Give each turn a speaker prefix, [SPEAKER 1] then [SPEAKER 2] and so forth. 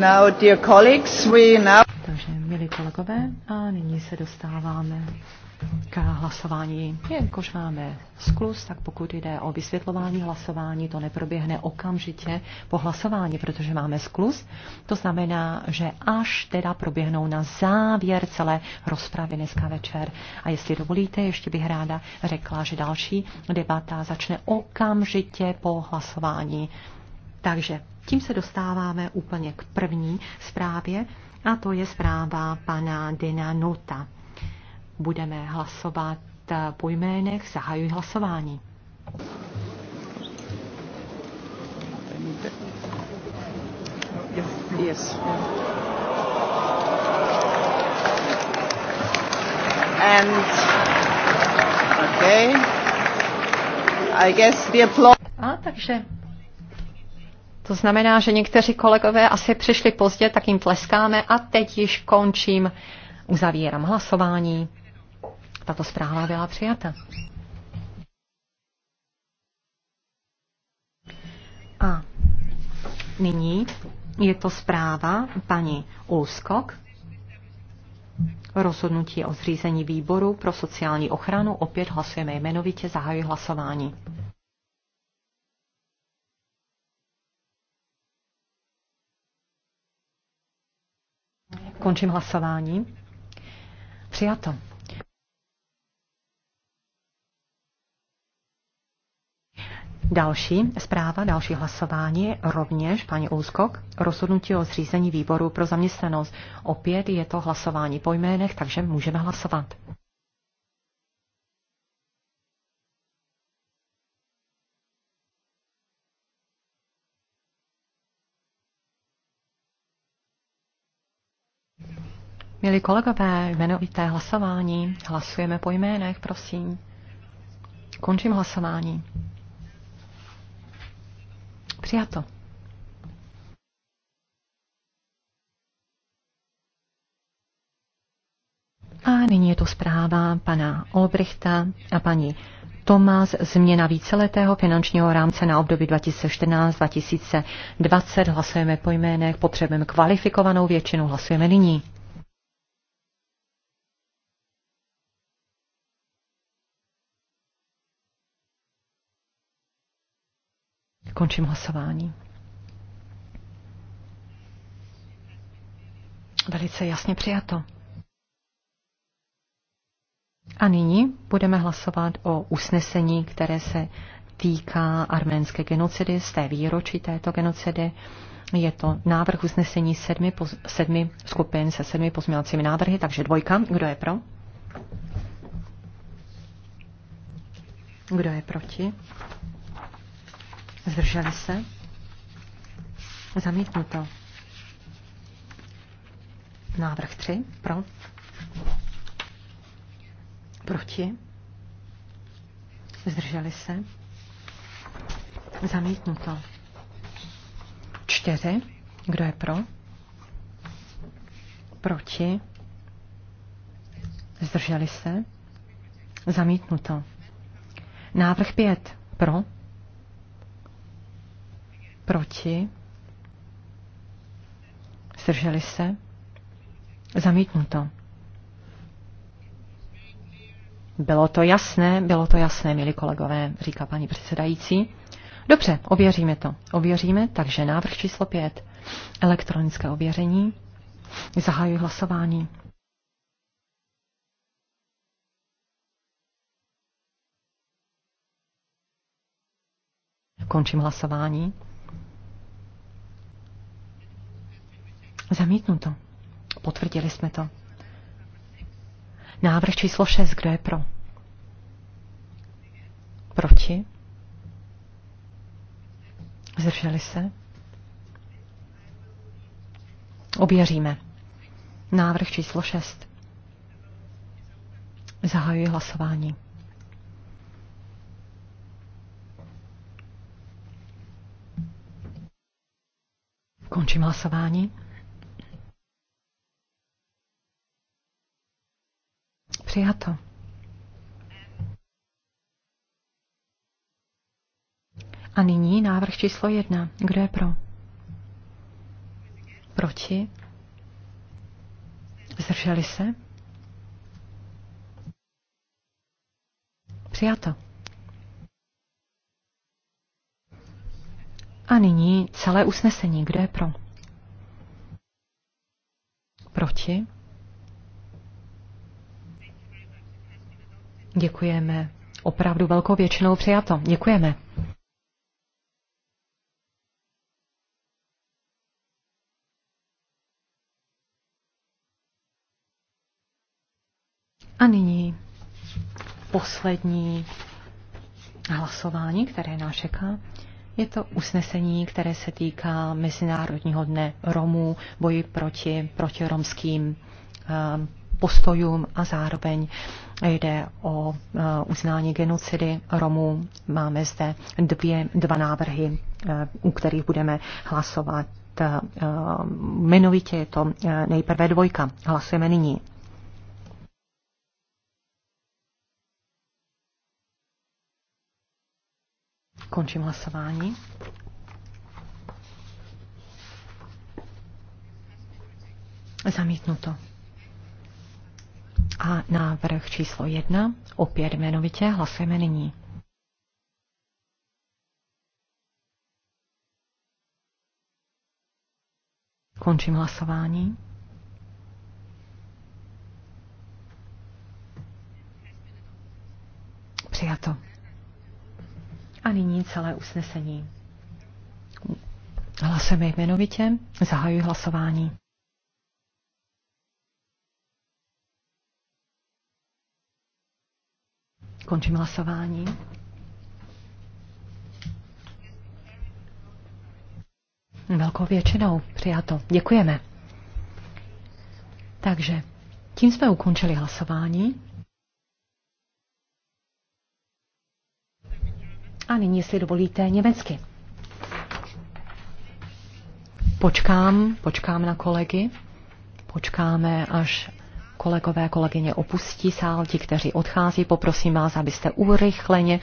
[SPEAKER 1] Now, dear colleagues, we now... Takže, milí kolegové, a nyní se dostáváme k hlasování. Jakož máme sklus, tak pokud jde o vysvětlování hlasování, to neproběhne okamžitě po hlasování, protože máme sklus. To znamená, že až teda proběhnou na závěr celé rozpravy dneska večer. A jestli dovolíte, ještě bych ráda řekla, že další debata začne okamžitě po hlasování takže tím se dostáváme úplně k první zprávě a to je zpráva pana Dina Nota. Budeme hlasovat po jménech, zahajuji hlasování. Yes. And okay. I guess the applause. A takže to znamená, že někteří kolegové asi přišli pozdě, tak jim tleskáme a teď již končím. Uzavírám hlasování. Tato zpráva byla přijata. A nyní je to zpráva paní Ulskok. Rozhodnutí o zřízení výboru pro sociální ochranu opět hlasujeme jmenovitě, zahajuji hlasování. Končím hlasování. Přijato. Další zpráva, další hlasování, rovněž paní Úskok, rozhodnutí o zřízení výboru pro zaměstnanost. Opět je to hlasování po jménech, takže můžeme hlasovat. Milí kolegové, jmenovité hlasování. Hlasujeme po jménech, prosím. Končím hlasování. Přijato. A nyní je to zpráva pana Olbrichta a paní Tomas změna víceletého finančního rámce na období 2014-2020. Hlasujeme po jménech, potřebujeme kvalifikovanou většinu, hlasujeme nyní. Končím hlasování. Velice jasně přijato. A nyní budeme hlasovat o usnesení, které se týká arménské genocidy, z té výročí této genocidy. Je to návrh usnesení sedmi, poz, sedmi skupin se sedmi pozměňovacími návrhy, takže dvojka. Kdo je pro? Kdo je proti? Zdrželi se? Zamítnuto. Návrh 3. Pro. Proti. Zdrželi se? Zamítnuto. 4. Kdo je pro? Proti. Zdrželi se? Zamítnuto. Návrh 5. Pro. Proti? Zdrželi se? Zamítnuto. Bylo to jasné, bylo to jasné, milí kolegové, říká paní předsedající. Dobře, ověříme to. Ověříme, takže návrh číslo 5. Elektronické ověření. Zahajuji hlasování. Končím hlasování. Zamítnuto. Potvrdili jsme to. Návrh číslo 6. Kdo je pro? Proti? Zdrželi se? Ověříme. Návrh číslo 6. Zahajuji hlasování. Končím hlasování. Přijato. A nyní návrh číslo jedna. Kdo je pro? Proti? Zdrželi se? Přijato. A nyní celé usnesení. Kdo je pro? Proti? Děkujeme. Opravdu velkou většinou přijato. Děkujeme. A nyní poslední hlasování, které nás čeká. Je to usnesení, které se týká Mezinárodního dne Romů, boji proti, proti romským um, postojům a zároveň jde o e, uznání genocidy Romů. Máme zde dvě, dva návrhy, e, u kterých budeme hlasovat e, jmenovitě. Je to nejprve dvojka. Hlasujeme nyní. Končím hlasování. Zamítnuto. A návrh číslo jedna, opět jmenovitě, hlasujeme nyní. Končím hlasování. Přijato. A nyní celé usnesení. Hlasujeme jmenovitě, zahajuji hlasování. Končím hlasování. Velkou většinou přijato. Děkujeme. Takže tím jsme ukončili hlasování. A nyní, jestli dovolíte, německy. Počkám, počkám na kolegy. Počkáme, až kolegové, kolegyně opustí sál, ti, kteří odchází, poprosím vás, abyste urychleně